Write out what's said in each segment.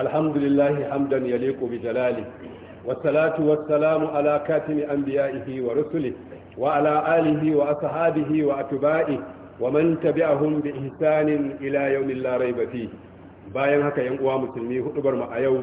alhamdulillahi hamdan yaliqu bi jalali والصلاة والسلام على كاتم أنبيائه ورسله وعلى آله وأصحابه وأتبائه ومن تبعهم بإحسان إلى يوم لا ريب فيه bayan haka yan uwa musulmi hudubar mu a yau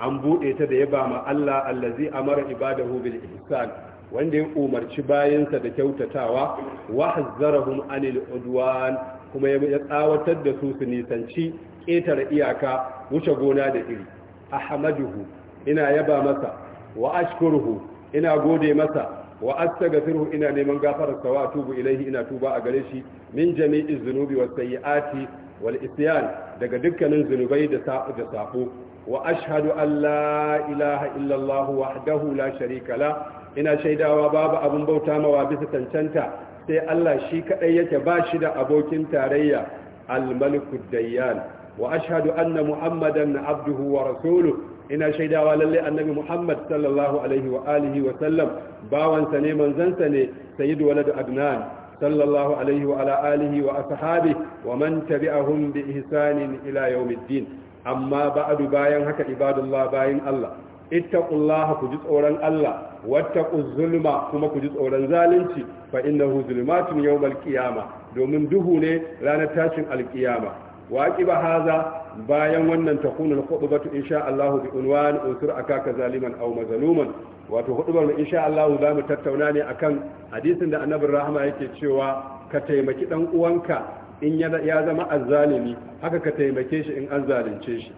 an bude ta da ya ba ma Allah allazi amara ibadahu bil ihsan wanda ya umarci bayansa da kyautatawa wa hazzarahum anil udwan kuma ya tsawatar da su su nisanci ƙetare iyaka wuce gona da iri ahmaduhu ina yaba masa wa ashkuruhu ina gode masa wa astaghfiruhu ina neman gafararsa wa tubu ilaihi ina tuba a gare shi min jami'i dhunubi was sayyiati wal isyan daga dukkanin zunubai da sabo da sabo wa ashhadu an la ilaha illa allah wahdahu la sharika la ina shaidawa babu abun bauta mawa bisa tantanta sai Allah shi kadai yake ba shi da abokin tarayya al-malikud dayyan wa ashhadu anna muhammadan abduhu wa rasuluhu ina shaidawa lallai annabi muhammad sallallahu alaihi wa alihi wa sallam bawansa ne manzansa ne sayyidu walad adnan sallallahu alaihi wa ala wa ashabi wa man tabi'ahum bi ihsanin ila yawmiddin amma ba'du bayan haka ibadullah bayan allah ittaqullaha ku ji tsoron Allah wattaquz zulma kuma ku ji tsoron zalunci fa innahu zulmatun yawmal qiyama domin duhu ne ranar tashin alqiyama wa Bahaza, haza bayan wannan takunu al-khutbatu insha Allah bi unwan usur akaka zaliman aw mazluman wato hudubar mu insha Allah za mu tattauna ne akan hadisin da Annabi rahama yake cewa ka taimaki dan uwanka in ya zama azzalimi haka ka taimake shi in an zalunce shi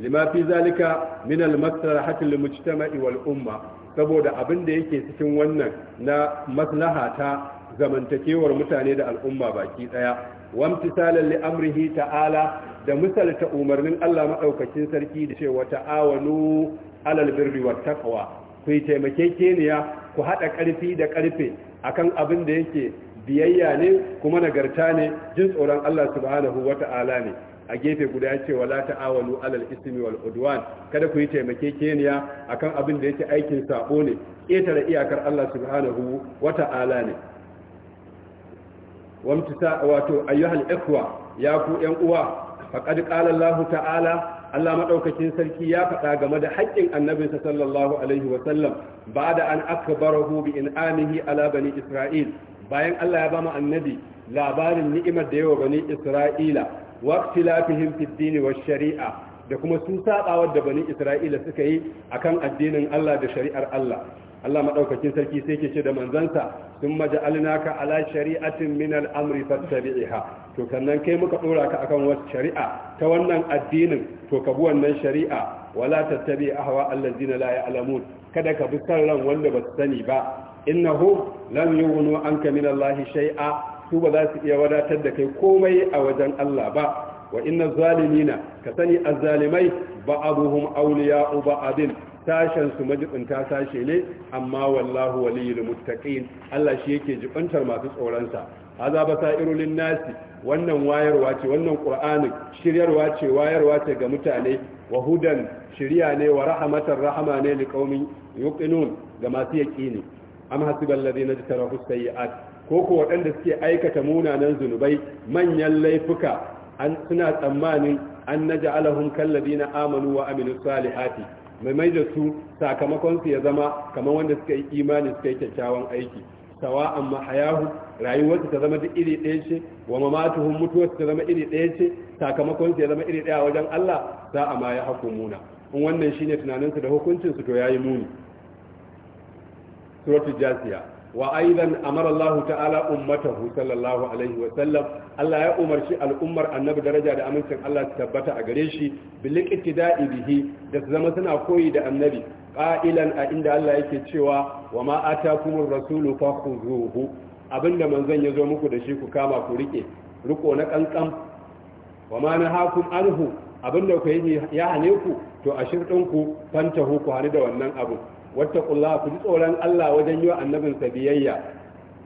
lima fi zalika min al-maslahati lil-mujtama'i wal-umma saboda abin da yake cikin wannan na maslaha ta zamantakewar mutane da al'umma baki daya wamtisalan li amrihi ta'ala da misalta umarnin Allah madaukakin sarki da cewa ta'awanu alal birri wat taqwa ku keniya ku hada karfi da karfe akan abin da yake biyayya ne kuma nagarta ne jin tsoron Allah subhanahu wata'ala ne a gefe guda ya ce wala ta'awalu alal ismi wal udwan kada ku taimake keniya akan abin da yake aikin sabo ne ƙetare iyakar Allah subhanahu wata'ala ne wamtisa wato ayyuhal ikhwa ya ku yan uwa faqad qala Allah ta'ala Allah madaukakin sarki ya faɗa game da haƙƙin annabinsa sallallahu alaihi wa sallam ba'da an akbarahu bi in'amihi ala bani Isra'il bayan Allah ya bama annabi labarin ni'imar da yawa bani Isra'ila wa ikhtilafihim fid din wa shari'a da kuma su saɓawar da bani Isra'ila suka yi akan addinin Allah da shari'ar Allah Allah maɗaukakin sarki sai ke ce da manzansa sun maja'alnaka ala shari'atin min al-amri fattabi'ha to kannan kai muka dora ka akan wasu shari'a ta wannan addinin to ka bi wannan shari'a wala tattabi ahwa allazina la ya'lamun kada ka bi sarran wanda ba su sani ba innahu lam yughnu anka min Allah shay'a su ba za su iya wadatar da kai komai a wajen Allah ba wa inna zalimina ka sani azzalimai ba'aduhum awliya'u ba'adin sashen su majibinta sashe ne amma wallahu waliyul muttaqin Allah shi yake jibantar masu tsoron sa haza basairu lin nasi wannan wayarwa ce wannan qur'ani shiryarwa ce wayarwa ce ga mutane wa hudan shiriya ne wa rahmatar rahama ne liqaumin yuqinun ga masu yaqini am hasibal ladina tarahu sayiat ko ko waɗanda suke aikata munanan zunubai manyan laifuka an suna tsammanin an naj'alahum kalladina amanu wa amilus salihati mai mai da su sakamakon su ya zama kamar wanda suka yi imani suka yi kyakkyawan aiki sawa amma hayahu rayuwarsu ta zama duk iri ɗaya ce wa mamatuhum mutuwarsu ta zama iri ɗaya ce sakamakon su ya zama iri ɗaya wajen Allah za a ma ya muna. in wannan shine tunaninsu da hukuncin su to yayi muni suratul jasiya Wa a yi zan amarallahu ta'ala ummatahu tahu, sallallahu alayhi wa sallam. Allah ya umarci al'ummar annabi daraja da amincin Allah ta tabbata a gare shi. Bilkisu daɗin bihi da su zama suna koyi da annabi. Ƙailan a inda Allah yake cewa, wa ma a takumar rasu Abinda man zan zo muku da shi ku kama ku rike Riko na ƙanƙan kwama na hakun arhu, abinda ku yi ya hane ku, to a shir ɗin ku fanta hu ku hani da wannan abu. wattaqullaha ku ji tsoron Allah wajen yi wa annabinsa biyayya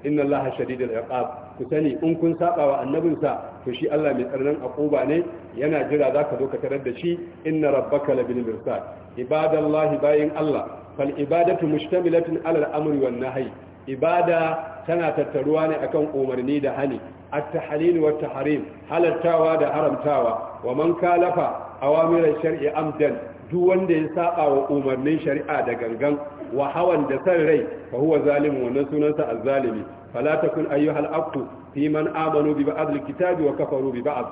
inna Allaha shadidul iqab ku sani in kun saba wa annabinsa to shi Allah mai tsarnan akuba ne yana jira zaka zo ka tarar da shi inna rabbaka labil mirsad ibadallahi bayin Allah fal ibadatu mushtamilatun ala al-amri wan nahyi ibada tana tattaruwa ne akan umarni da hani at-tahlil wa at-tahrim halattawa da haramtawa wa man kalafa awamir shari amdan duk wanda ya saba wa umarnin shari'a da gangan wa hawan da san rai fa huwa zalimun wannan sunansa azzalimi fala takun ayyuhal aqu fi man amanu bi ba'dil kitabi wa kafaru bi ba'd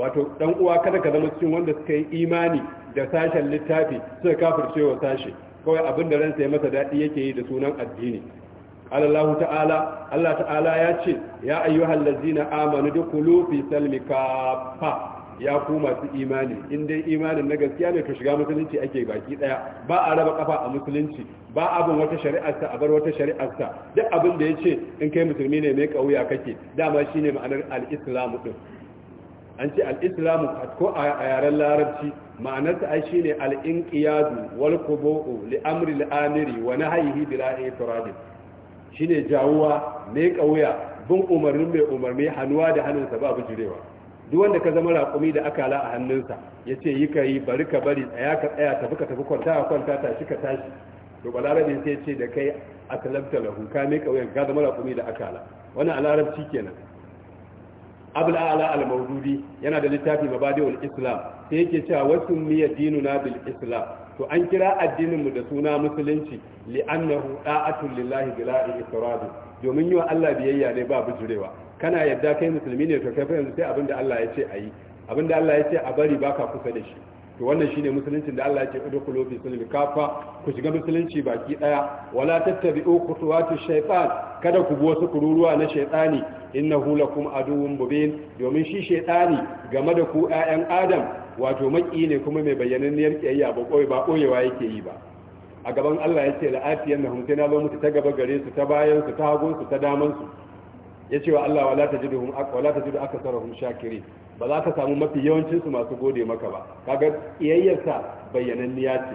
wato dan uwa kada ka zama cikin wanda suka yi imani da sashen littafi suka kafirce wa sashe kawai abin da ransa ya masa dadi yake yi da sunan addini Allah ta'ala Allah ta'ala ya ce ya ayyuhal ladzina amanu dukulu fi salmika ya ku masu imani in dai imanin na gaskiya ne ka shiga musulunci ake baki daya ba a raba kafa a musulunci ba abin wata shari'arsa a bar wata shari'arsa duk abin da ya ce in kai musulmi ne mai kauya kake dama shine ma'anar al-islamu din an ce al-islamu ko a yaren larabci ma'anarsa ai shine al-inqiyadu wal qubu'u li amri al-amiri wa nahyihi bila shine jawuwa mai kauya bin umarnin mai umarni hanuwa da hannunsa ba bujurewa duk wanda ka zama raƙumi da akala a hannunsa ya ce yi ka yi bari ka bari tsaya ka tsaya tafi ka tafi kwanta a kwanta tashi ka tashi to larabin sai ce da kai a talabta lahu ka mai kawai ka zama raƙumi da akala wani a larabci kenan abul ala al maududi yana da littafi mabadiul islam sai yake cewa wasu miya dinuna bil islam to an kira addinin mu da suna musulunci li'annahu da'atun lillahi bila ifrad domin yi wa Allah biyayya ne ba bujurewa kana yadda kai musulmi ne to kai fa yanzu sai abin da Allah ya ce ayi abin da Allah ya ce a bari baka kusa da shi to wannan shine musuluncin da Allah ya ce udkhulu fi sulmi kafa ku shiga musulunci baki daya wala tattabi'u khutuwati shaytan kada ku bi wasu kururuwa na shaytani innahu lakum aduwwun mubin domin shi shaytani game da ku ƴaƴan adam wato maki ne kuma mai bayyananniyar kiyayya ba koyi ba koyewa yake yi ba a gaban Allah ya ce la'atiyannahum sai na zo mutu ta gaba gare su ta bayan su ta hagun su ta daman su ya ce wa Allah wala aka wala tajidu aktsarahum shakirin ba za ka samu mafi yawancin su masu gode maka ba kaga iyayyarsa bayyananniya ce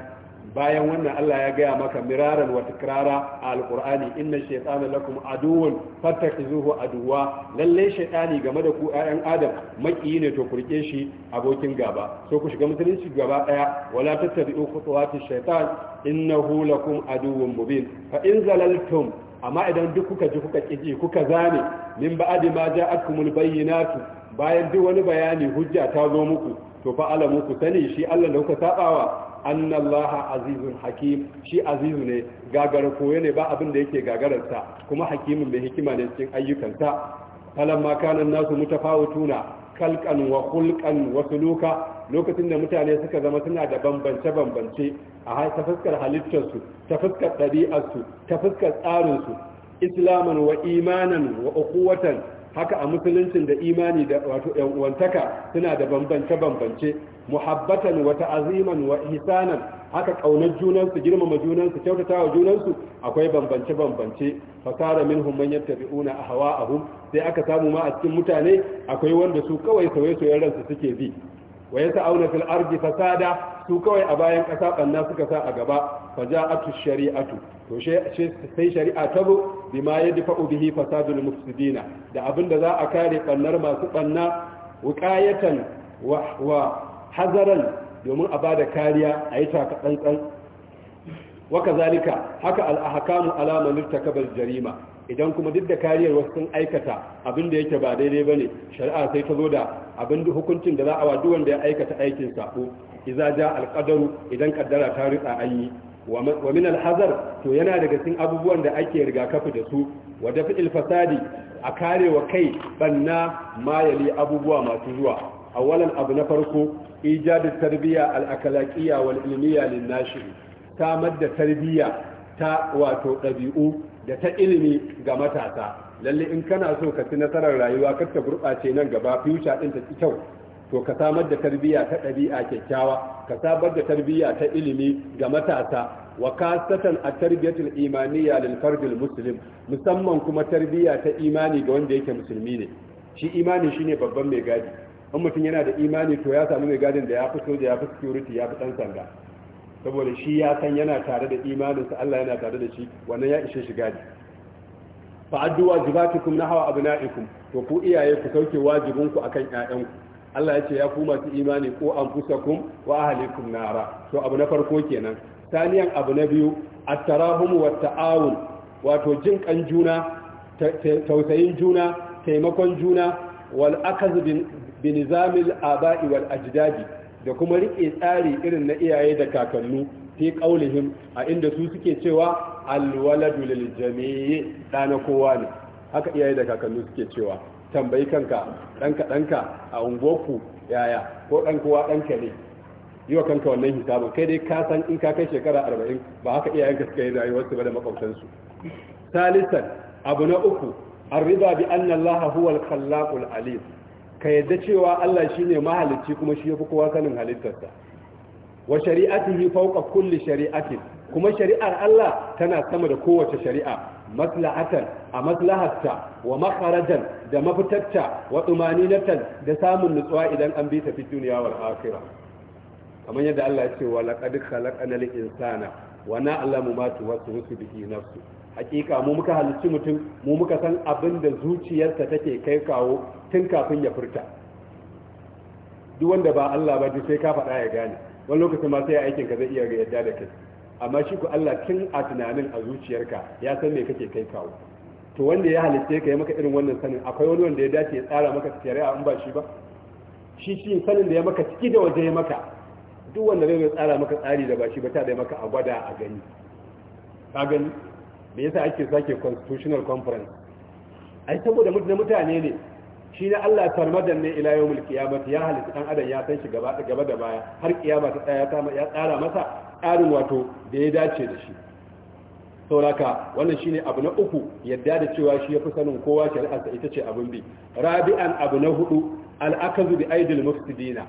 bayan wannan Allah ya gaya maka miraran wa tikrara a alqur'ani inna shaytana lakum aduwwun fattakhizuhu aduwa lalle shaiɗani game da ku yayan adam makiyi ne to kurke shi abokin gaba so ku shiga musulunci gaba daya wala tattabi'u khutuwati shaytan innahu lakum aduwwun mubin fa in zalaltum amma idan duk kuka ji kuka ƙiji kuka zane min ba'adi ma ja'atkumul bayyinatu bayan duk wani bayani hujja ta zo muku to fa alamu ku sani shi Allah da kuka sabawa annallaha azizun hakim shi azizu ne gagara koyo ne ba abin da yake gagararsa kuma hakimin mai hikima ne cikin ayyukansa falamma kana nasu mutafawutuna kalkan wa khulqan wa suluka lokacin da mutane suka zama suna da bambance-bambance a ta fuskar halittarsu ta fuskar ɗabi'arsu ta fuskar tsarinsu islaman wa imanan wa ukuwatan haka a musuluncin da imani da wato uwantaka suna da bambance-bambance muhabbatan wa ta'aziman wa ihsanan haka kaunar junansu girmama junansu kyautata wa junansu akwai bambance-bambance fasara minhum man yattabi'una ahwa'ahum sai aka samu ma a cikin mutane akwai wanda su kawai sauye-sauyen ransu suke bi wa yas'auna fil ardi fasada su kawai a bayan ƙasa banna suka sa a gaba fa ja'atu shari'atu to sai shari'a ta zo yadda yadfa'u bihi fasadul mufsidina da abinda za a kare bannar masu banna wuqayatan wa hazaran domin a bada kariya a yi taka tsantsan wa zalika haka al'ahakamu alamar takabar jarima idan kuma duk da kariyar wasu sun aikata abin da yake ba daidai ba ne shari'a sai ta zo da abin da hukuncin da za a wadu wanda ya aikata aikin sako iza ja alƙadaru idan ƙaddara ta rutsa an yi wa min alhazar to yana daga cikin abubuwan da ake rigakafi da su wa dafi ilfasadi a kare wa kai banna mayali abubuwa masu zuwa awalan abu na farko ijadu tarbiyya al-akhlaqiyya wal ilmiyya lin-nashi samar da tarbiyya ta wato ɗabi'u da ta ilimi ga matasa lalle in kana so ka ci nasarar rayuwa kar ka gurɓace nan gaba future ɗin ta kyau to ka samar da tarbiyya ta ɗabi'a kyakkyawa ka samar da tarbiyya ta ilimi ga matasa wa kasatan a tarbiyatul imaniya lil fardil muslim musamman kuma tarbiyya ta imani ga wanda yake musulmi ne shi imani shine babban mai gadi in mutum yana da imani to ya samu mai gadin da ya fi soja ya fi security ya fi ɗan sanda saboda shi ya san yana tare da imaninsa Allah yana tare da shi wannan ya ishe shi gadi fa addu'a wajibatukum nahwa abna'ikum to ku iyaye ku sauke wajibinku akan ƴaƴanku Allah ya ce ya ku masu imani ko anfusakum wa ahlikum nara to abu na farko kenan saniyan abu na biyu at wa ta'awun wato jin kan juna tausayin juna taimakon juna wal akaz bin nizamil aba'i wal ajdadi da kuma rike tsari irin na iyaye da kakannu fi qaulihim a inda su suke cewa alwaladu lil jami'i dana kowa ne haka iyaye da kakannu suke cewa tambayi kanka ɗanka-ɗanka a unguwarku yaya ko dan kowa ɗanka ne yi kanka wannan hisabin kai dai ka san in ka kai shekara arba'in ba haka iyayenka suka yi rayuwarsu ba da makwabtansu salisan abu na uku arriba bi anna allah huwa khallaqul alim ka yadda cewa Allah shine mahalicci kuma shi yafi kowa sanin halittarsa wa shari'atihi fawqa kulli shari'atin kuma shari'ar Allah tana sama da kowace shari'a maslahatan a maslahatta wa makharajan da mafitarta wa tumaninatan da samun nutsuwa idan an bi ta fi duniya wal akhirah kamar yadda Allah ya ce wa laqad khalaqnal insana wa na'lamu ma tuwaswisu bihi nafsuhu hakika mu muka halicci mutum mu muka san abin da zuciyarsa take kai kawo tun kafin ya furta duk wanda ba Allah ba sai ka faɗa ya gane wani lokacin ma sai aikin ka zai iya yadda da kai amma shi ku Allah tun a tunanin a zuciyarka ya san me kake kai kawo to wanda ya halitta ka ya maka irin wannan sanin akwai wani wanda ya dace ya tsara maka shari'a in ba shi ba shi shi sanin da ya maka ciki da waje ya maka duk wanda zai tsara maka tsari da ba shi ba ta da maka a gwada a gani ka gani da yasa ake sake constitutional conference ai saboda na mutane ne shi na Allah tarmadan ne ila yawmul qiyamati ya halitta dan adam ya san shi gaba gaba da baya har kiyama ta tsaya ta ya tsara masa tsarin wato da ya dace da shi sauraka wannan shine abu na uku yadda da cewa shi ya fi sanin kowa shari'ar ita ce abin bi rabi'an abu na hudu al-akazu bi aidil mufsidina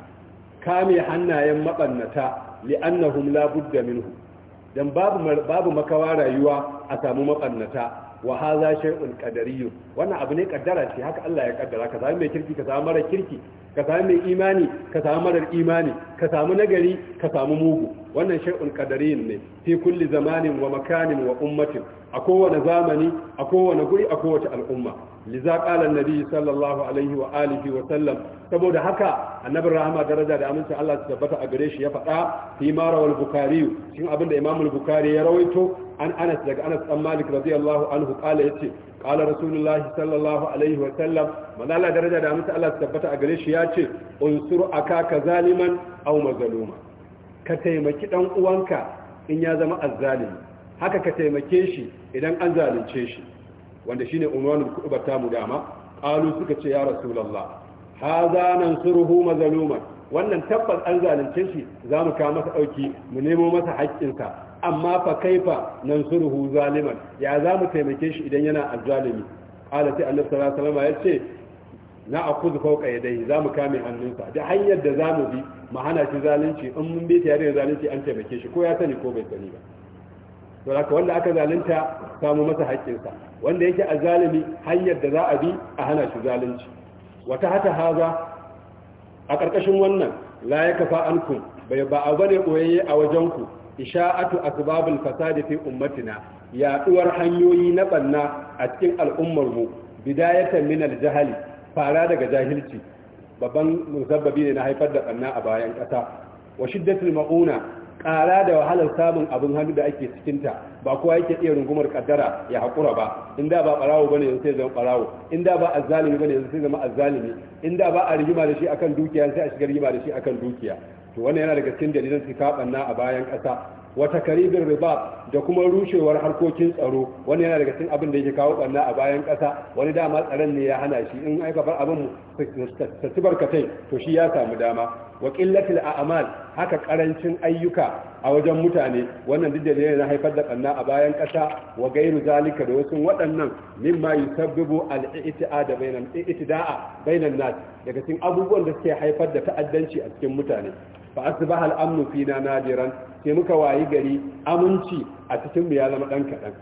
kame hannayen mabannata li'annahum la budda minhu dan babu makawa rayuwa a samu mabannata wa hadha shay'un wannan abu ne kaddara ce haka Allah ya kaddara ka samu mai kirki ka samu mara kirki ka samu mai imani ka samu marar imani ka samu nagari ka samu mugu wannan shay'un qadariyyun ne fi kulli zamanin wa makanin wa ummatin a kowane zamani a kowane guri a kowace al'umma liza qala nabi sallallahu alaihi wa alihi wa sallam saboda haka annabi rahama daraja da aminci Allah su tabbata a gare shi ya faɗa fi mara wal bukhari cikin abin da imam al-bukhari ya rawaito an anas daga anas dan malik radiyallahu anhu qala yace qala rasulullah sallallahu alaihi wa sallam manala daraja da aminci Allah su tabbata a gare shi yace unsur ka zaliman aw mazluma ka taimaki dan uwanka in ya zama azzalimi haka ka taimake shi idan an zalunce shi wanda shine unwanul kutuba ta mu dama ƙalu suka ce ya za nan suruhu mazaluman wannan tabbas an zalunce shi mu kawo masa ɗauki, mu nemo masa haƙƙinsa amma fa kaifa suruhu zaliman ya za mu taimake shi idan yana azzalimi qala ta annabi sallallahu alaihi wasallam ce na akuzu dai, yadayhi mu kame hannunsa da hanyar da za mu bi mu hana shi zalunci in mun bi ta yare zalunci an taimake shi ko ya sani ko bai sani ba to wanda aka zalunta samu masa haƙƙinsa wanda yake a zalimi hanyar da za a bi a hana shi zalunci wata hata haza a ƙarƙashin wannan la ya kafa ankum bai ba a bane koyayye a wajenku isha'atu asbabul fasadi fi ummatina yaɗuwar hanyoyi na banna a cikin al'ummar mu bidayatan min al-jahali fara daga jahilci babban musabbabi ne na haifar da banna a bayan ƙasa wa shiddatul mauna kara da wahalar samun abin hannu da ake cikinta ba kowa yake iya rungumar kaddara ya haƙura ba inda ba ɓarawo bane yanzu sai zama ɓarawo inda ba azzalimi bane yanzu sai zama azzalimi inda ba a rigima da shi akan dukiya sai a shiga rigima da shi akan dukiya to wannan yana daga cikin dalilan sikabanna a bayan ƙasa wata karibin riba da kuma rushewar harkokin tsaro wani yana daga cikin abin da yake kawo barna a bayan ƙasa wani dama tsaron ne ya hana shi in aika bar abin su barkatai to shi ya samu dama wa qillatil a'mal haka karancin ayyuka a wajen mutane wannan duk ne na haifar da kanna a bayan ƙasa wa gairu zalika da wasu waɗannan mimma yusabbibu al-i'ti'ada bainan i'tida'a bainan nas daga cikin abubuwan da suke haifar da ta'addanci a cikin mutane fa asbaha al-amnu fina nadiran sai muka wayi gari aminci a cikin mu ya zama dan kadan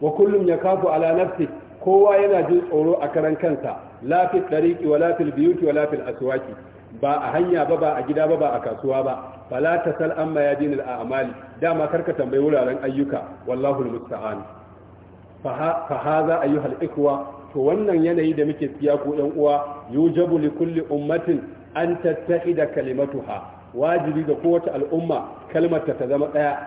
wa kullum yakafu ala nafsi kowa yana jin tsoro a karan kansa la fi tariqi wala fil biyuti wala fil aswaqi ba a hanya ba ba a gida ba ba a kasuwa ba fala tasal amma yadinul a'mali dama karka tambayi wuraren ayyuka wallahu almusta'an fa hadha ayyuhal ikwa to wannan yanayi da muke tsiya ko ɗan uwa yujabu li kulli ummatin an tattahida kalimatuha wajibi ga kowace al'umma kalmar ta zama daya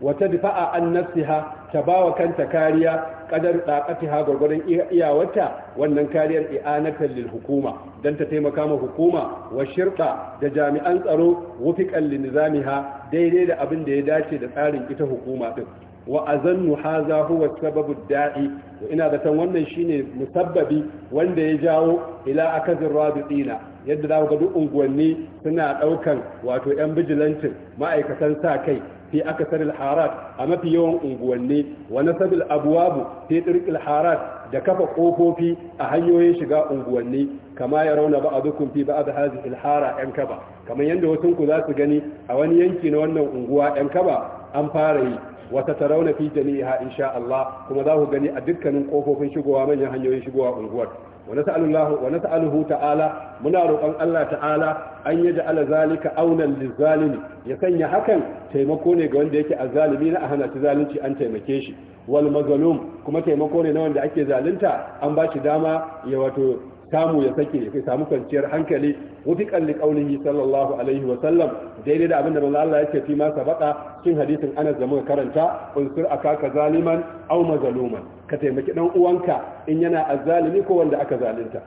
wata difa'a an nafsiha ta bawa kanta kariya kadar dakati ha gwargwadon iyawarta wannan kariyar i'anatan lil hukuma dan ta taimaka ma hukuma wa shirqa da jami'an tsaro wufiqan li nizamiha daidai da abin da ya dace da tsarin ita hukuma din wa azannu haza huwa sababu da'i ina da san wannan shine musabbabi wanda ya jawo ila akazir rabitina yadda za ga duk unguwanni suna daukan wato yan bijilantin ma'aikatan sa kai aka akasaril harat a mafi yawan unguwanni wa nasabil abwabu fi tsirkil harat da kafa kofofi a hanyoyin shiga unguwanni kama ya rauna ba a zukun fi ba a hazi ilhara yan kaba kamar yadda wasunku za su gani a wani yanki na wannan unguwa yan kaba an fara yi wata tarauna fi jami'a insha Allah kuma za ku gani a dukkanin kofofin shigowa manyan hanyoyin shigowa unguwar wa nas'alullahu wa ta'ala muna roƙon Allah ta'ala an yaji ala zalika aunan lizalimi ya sanya hakan taimako ne ga wanda yake azzalimi na ahana ta zalunci an taimake shi wal kuma taimako ne na wanda ake zalunta an ba shi dama ya wato samu ya sake ya samu kwanciyar hankali wufiqan liqaulihi sallallahu alaihi wa sallam daidai da abinda Allah Allah yake fi ma sabaka cikin hadisin Anas da muka karanta unsur akaka zaliman aw mazluman ka taimaki dan uwanka in yana azzalimi ko wanda aka zalunta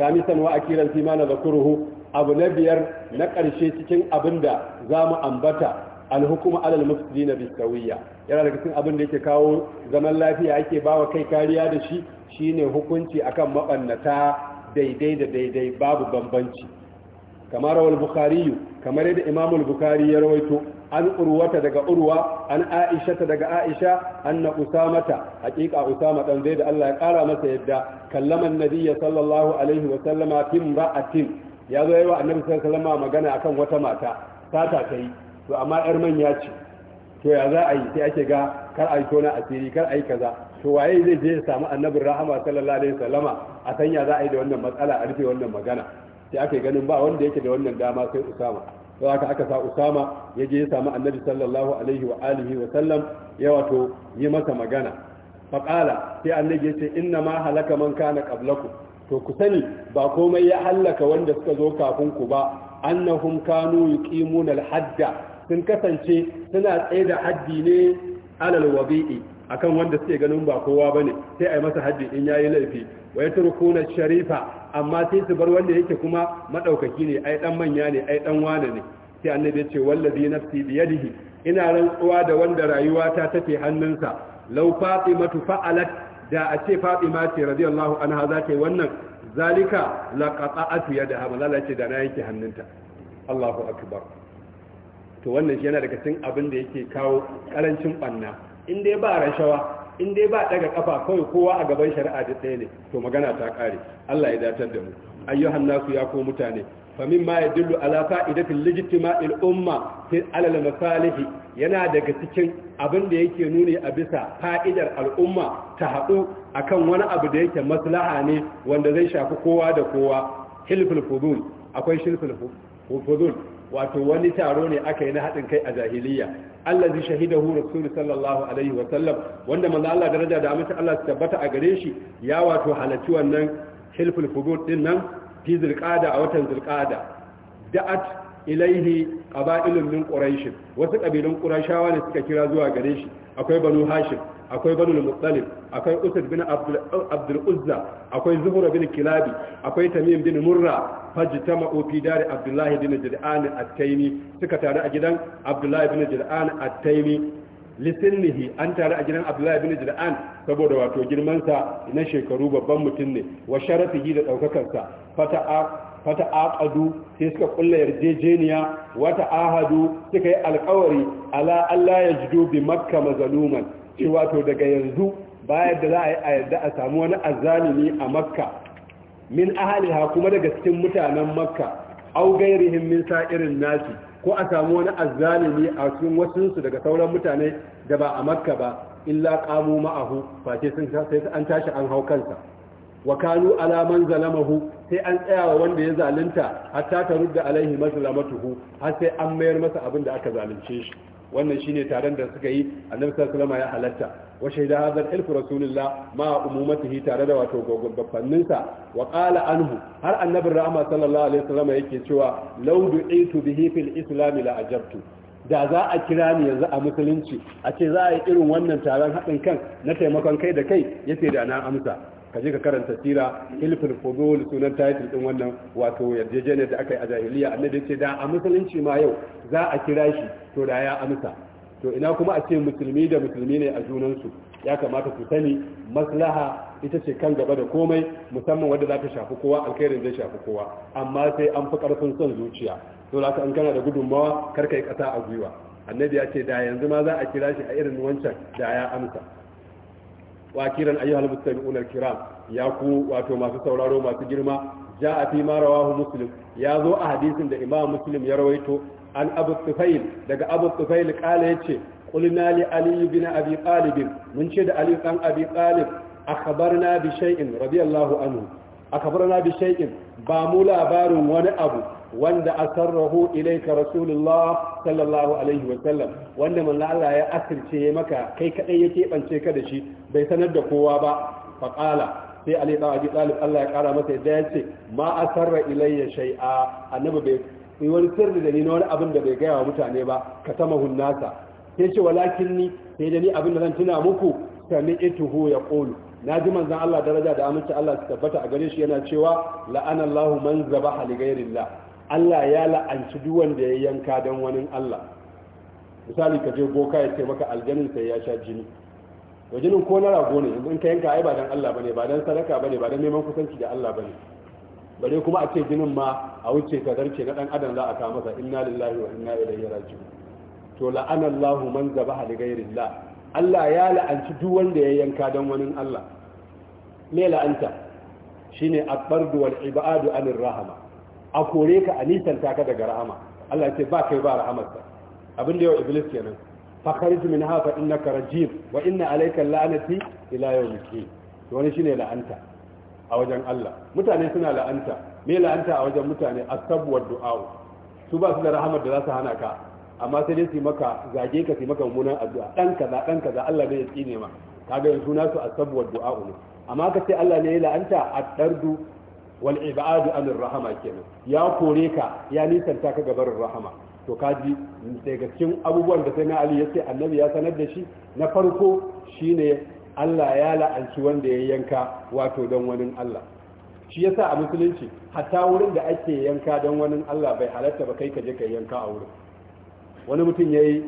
kamisan wa akiran fi ma zakuruhu abu na biyar na ƙarshe cikin abinda zamu ambata alhukuma alal mufsidina bisawiyya yana daga cikin abin da yake kawo zaman lafiya ake bawa kai kariya da shi shine hukunci akan mabannata daidai da daidai babu bambanci kamar rawar bukari kamar yadda imamul bukari ya rawaito an urwata daga urwa an aisha ta daga aisha an na'usa mata hakika usama dan zai da allah ya kara masa yadda kallaman nabiya sallallahu alaihi wa sallama fim ra'atin ya zo yawa annabi sallallahu alaihi magana akan wata mata sata ta yi to amma yar manya ce to ya za a yi sai ake ga kar a yi tona asiri kar a yi kaza to waye zai je ya samu annabin rahama sallallahu alaihi wa sallama a sanya za a yi da wannan matsala a rufe wannan magana sai aka ganin ba wanda yake da wannan dama sai usama to haka aka sa usama ya je ya samu annabi sallallahu alaihi wa alihi wa sallam ya wato yi masa magana qala sai annabi ya ce inna ma halaka man kana qablakum to ku sani ba komai ya halaka wanda suka zo kafin ku ba annahum kanu yuqimuna al-hadda sun kasance suna tsaye da haddi ne alal wabi'i akan wanda suke ganin ba kowa bane sai ai masa haddi in yayi laifi wa yatrukuna sharifa amma sai su bar wanda yake kuma madaukaki ne ai dan manya ne ai dan wane ne sai annabi ce wallazi nafsi biyadihi ina rantsuwa da wanda rayuwata take hannunsa law fatimatu fa'alat da a ce fatima ce radiyallahu anha za ta yi wannan zalika laqata'atu yadaha malala ce da na yake hannunta Allahu akbar to wannan shi yana daga cikin abin da yake kawo karancin banna in dai ba rashawa in dai ba daga kafa kawai kowa a gaban shari'a da ɗaya ne to magana ta kare Allah ya datar da mu ayyuhan nasu ya ko mutane فمما ala fa'idatil فائدة umma fi على masalihi yana daga cikin abin da yake nuni a bisa fa'idar al'umma ta haɗu akan wani abu da yake maslaha ne wanda zai shafi kowa da kowa hilful fudul akwai shilful fudul wato wani taro ne aka yi na haɗin kai a jahiliya allazi shahidahu rasulullahi sallallahu alaihi wa sallam wanda manzo Allah daraja da amince Allah tabbata a gare shi ya wato halarci wannan hilful fudur din nan fi zulqada a watan zulqada da'at ilaihi qabailun min quraish wasu kabilun qurayshawa ne suka kira zuwa gare shi akwai banu hashim akwai banu muttalib akwai usad bin abdul uzza akwai zuhra bin kilabi akwai tamim bin murra fajtama'u fi dari abdullah ibn jir'an at-taymi suka taru a gidan abdullah ibn jir'an at-taymi lisinnihi an taru a gidan abdullah ibn jir'an saboda wato girman sa na shekaru babban mutum ne wa sharafihi da daukakar sa fata fata aqadu sai suka kulla yarjejeniya wata ahadu suka yi alƙawari ala Allah ya bi makka mazaluman cewa to daga yanzu bayan da za a yi a yarda a samu wani azalimi a makka min ahaliha kuma daga cikin mutanen makka au gairihim min sa'irin nasi ko a samu wani azzalimi a cikin wasunsu daga sauran mutane da ba a makka ba illa qamu ma'ahu ce sun sai an tashi an hau kansa wa kanu ala man zalamahu sai an tsaya wa wanda ya zalunta hatta ta rudda alaihi mazlamatuhu har sai an mayar masa abin da aka zalunce shi wannan shine taron da suka yi annabi sallallahu alaihi ya halatta wa shaida hadha al-ilf rasulullah ma umumatihi tare da wato gogobannin sa wa qala anhu har annabi rahma sallallahu alaihi wasallam yake cewa law du'itu bihi fil islam la ajabtu da za a kira ni yanzu a musulunci a ce za a yi irin wannan taron haɗin kan na taimakon kai da kai yace da na amsa ka je ka karanta sira hilful fudul sunan title din wannan wato yarjejeniyar da aka yi a jahiliya annabi ce da a musulunci ma yau za a kira shi to da ya amsa to ina kuma a ce musulmi da musulmi ne a junansu ya kamata ku sani maslaha ita ce kan gaba da komai musamman wanda za ta shafi kowa alkhairin zai shafi kowa amma sai an fi karfin son zuciya to za ka an kana da gudunmawa karka yi kasa a gwiwa annabi ya ce da yanzu ma za a kira shi a irin wancan da ya amsa wa kiran ayyuhal mustami'una kiram ya ku wato masu sauraro masu girma ja'a fi ma rawahu ya zo a hadisin da imam muslim ya rawaito an abu tufail daga abu tufail kala yace qulna li ali bin abi mun ce da ali dan abi talib akhbarna bi shay'in radiyallahu anhu akhbarna bi shay'in ba mu labarin wani abu wanda asarrahu ilayka rasulullah sallallahu alaihi wasallam wanda manzo Allah ya asirce maka kai kadai ya keɓance ka da shi bai sanar da kowa ba faqala sai Ali da Abi Talib Allah ya kara masa yadda ya ce ma asarra ilayya shay'a annabi bai yi wani sirri da ni na wani abin da bai gaya wa mutane ba ka sama hunnasa sai ce walakin ni sai da ni abin da zan tuna muku sami ituhu ya qulu na ji manzon Allah daraja da aminci Allah su tabbata a gare shi yana cewa la'anallahu man zabaha li Allah ya la'anci duk wanda ya yanka don wani Allah misali ka je boka ya ce maka aljanin sai ya sha jini to jinin ko na rago ne in ka yanka ai ba dan Allah bane ba dan sadaka bane ba dan neman kusanci da Allah bane bare kuma a ce jinin ma a wuce ta darke na dan adam za a ka masa inna lillahi wa inna ilaihi raji'un to la'ana Allah man zabaha li ghairillah Allah ya la'anci duk wanda ya yanka dan wani Allah me la'anta shine at wal ibadu anir rahama a kore ka a nisanta ka daga rahama Allah ce ba kai ba rahamarsa abin da yau iblis kenan fakarij min hafa innaka rajim wa inna alayka la'anati ila to wani shine la'anta a wajen Allah mutane suna la'anta me la'anta a wajen mutane asab wa du'a su ba su da rahamar da za su hana ka amma sai dai su maka zage ka su maka mummunan addu'a dan da dan da, Allah ne ya tsine ma kaga yanzu su asab wa du'a ne amma ka ce Allah ne ya la'anta a dardu wal ibadu anir rahama kenan ya kore ka ya nisanta ka gabarin rahama to kaji daga cikin abubuwan da sai na ali ya ce annabi ya sanar da shi na farko shine Allah ya la'anci wanda ya yanka wato don wani Allah shi yasa a musulunci hatta wurin da ake yanka don wani Allah bai halarta ba kai ka je ka yanka a wurin wani mutum yayi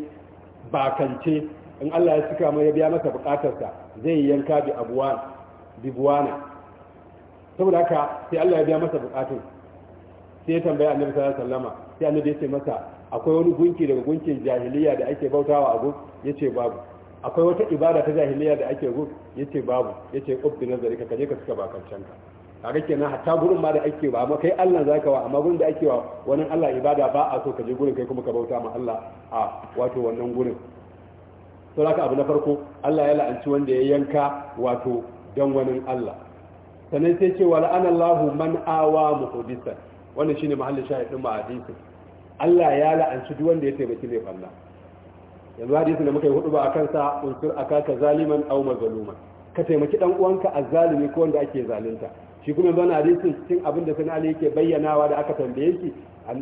bakance in Allah ya cika mai ya biya masa bukatarsa zai yanka bi bi buwana saboda haka sai Allah ya biya masa bukatun sai ya tambaya annabi sallallahu alaihi wasallam sai annabi ya ce masa akwai wani gunki daga gunkin jahiliya da ake bautawa a gun yace babu akwai wata ibada ta jahiliya da ake gun yace babu yace qubbi ka kaje ka suka bakancan ka kaga kenan hatta gurin ma da ake ba amma kai Allah zaka wa amma gurin da ake wa wani Allah ibada ba a so kaje gurin kai kuma ka bauta ma Allah a wato wannan gurin to haka abu na farko Allah ya la'anci wanda ya yanka wato dan wani Allah sannan sai ce wal'anallahu man awa muhdisa wannan shine mahallin shahidin ma hadisi Allah ya la'anci duk wanda ya taimaki mai falla yanzu hadisi da muka yi hudu ba akan sa unsur kaka zaliman aw mazluman ka taimaki dan uwanka azzalimi ko wanda ake zalunta shi kuma zan hadisin cikin abin da sani ali yake bayyanawa da aka tambaye shi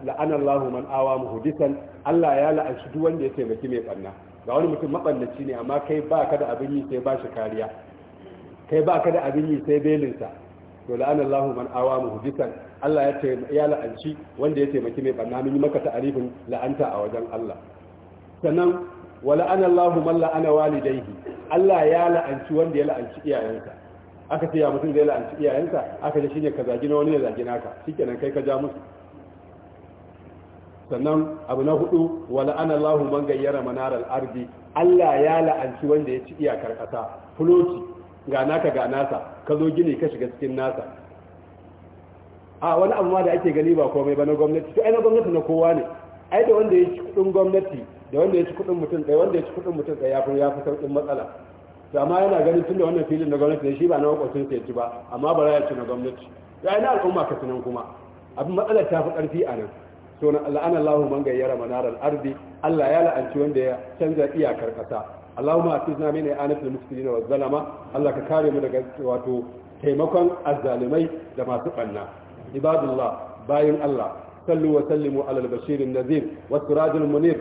la'anallahu man awa muhdisan Allah ya la'anci duk wanda ya taimaki mai banna ga wani mutum maballaci ne amma kai ba ka da abin yi sai ba shi kariya kai ba ka da abin yi sai belinsa to la'ana Allahu man awa muhdisan Allah ya ce ya la'anci wanda ya taimaki mai banna mun yi maka ta'arifin la'anta a wajen Allah sannan wa la'ana Allahu man la'ana walidayhi Allah ya la'anci wanda ya la'anci iyayensa aka ce ya mutum zai la'anci iyayensa aka ce shine ka zagi na wani ya zagi naka shikenan kai ka ja musu sannan abu na hudu wa la'ana Allahu man gayyara manaral ardi Allah ya la'anci wanda ya ci iyakar kasa fuloti ga ka ga nasa ka zo gini ka shiga cikin nasa a wani abu ma da ake gani ba komai ba na gwamnati to ai na gwamnati na kowa ne ai da wanda ya ci kudin gwamnati da wanda ya ci kudin mutum ɗaya wanda ya ci kudin mutum ɗaya ya fi sauƙin matsala to amma yana ganin da wannan filin na gwamnati ne shi ba na makwacin sai ci ba amma ba ya ci na gwamnati to ai al'umma ka sinan kuma abin matsalar ta fi ƙarfi a nan to na lahu Allahu man gayyara manaral ardi Allah ya la'anci wanda ya canza iyakar ƙasa Allahumma atina min anatil muslimina waz zalama Allah ka kare mu daga wato taimakon azzalimai da masu banna ibadullah bayin Allah sallu wa sallimu ala al-bashir an-nazir wasu siraj munir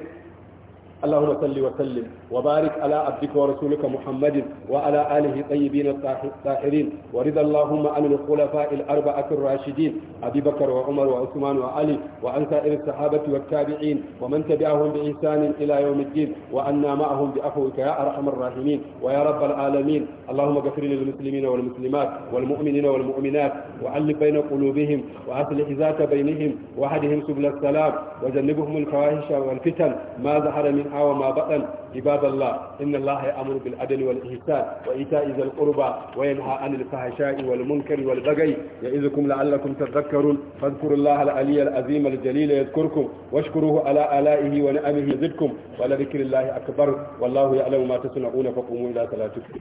اللهم صل وسلم وبارك على عبدك ورسولك محمد وعلى آله الطيبين الطاهرين ورضى اللهم عن الخلفاء الأربعة الراشدين أبي بكر وعمر وعثمان وعلي وعن سائر الصحابة والتابعين ومن تبعهم بإحسان إلى يوم الدين وأنا معهم بعفوك يا أرحم الراحمين ويا رب العالمين اللهم اغفر للمسلمين والمسلمات والمؤمنين والمؤمنات وعلق بين قلوبهم وأصلح ذات بينهم وحدهم سبل السلام وجنبهم الفواحش والفتن ما ظهر من من أو ما بطن عباد الله إن الله يأمر بالعدل والإحسان وإيتاء ذي القربى وينهى عن الفحشاء والمنكر والبغي يعظكم لعلكم تذكرون فاذكروا الله العلي العظيم الجليل يذكركم واشكروه على آلائه ونعمه يزدكم ولذكر الله أكبر والله يعلم ما تصنعون فقوموا إلى صلاتكم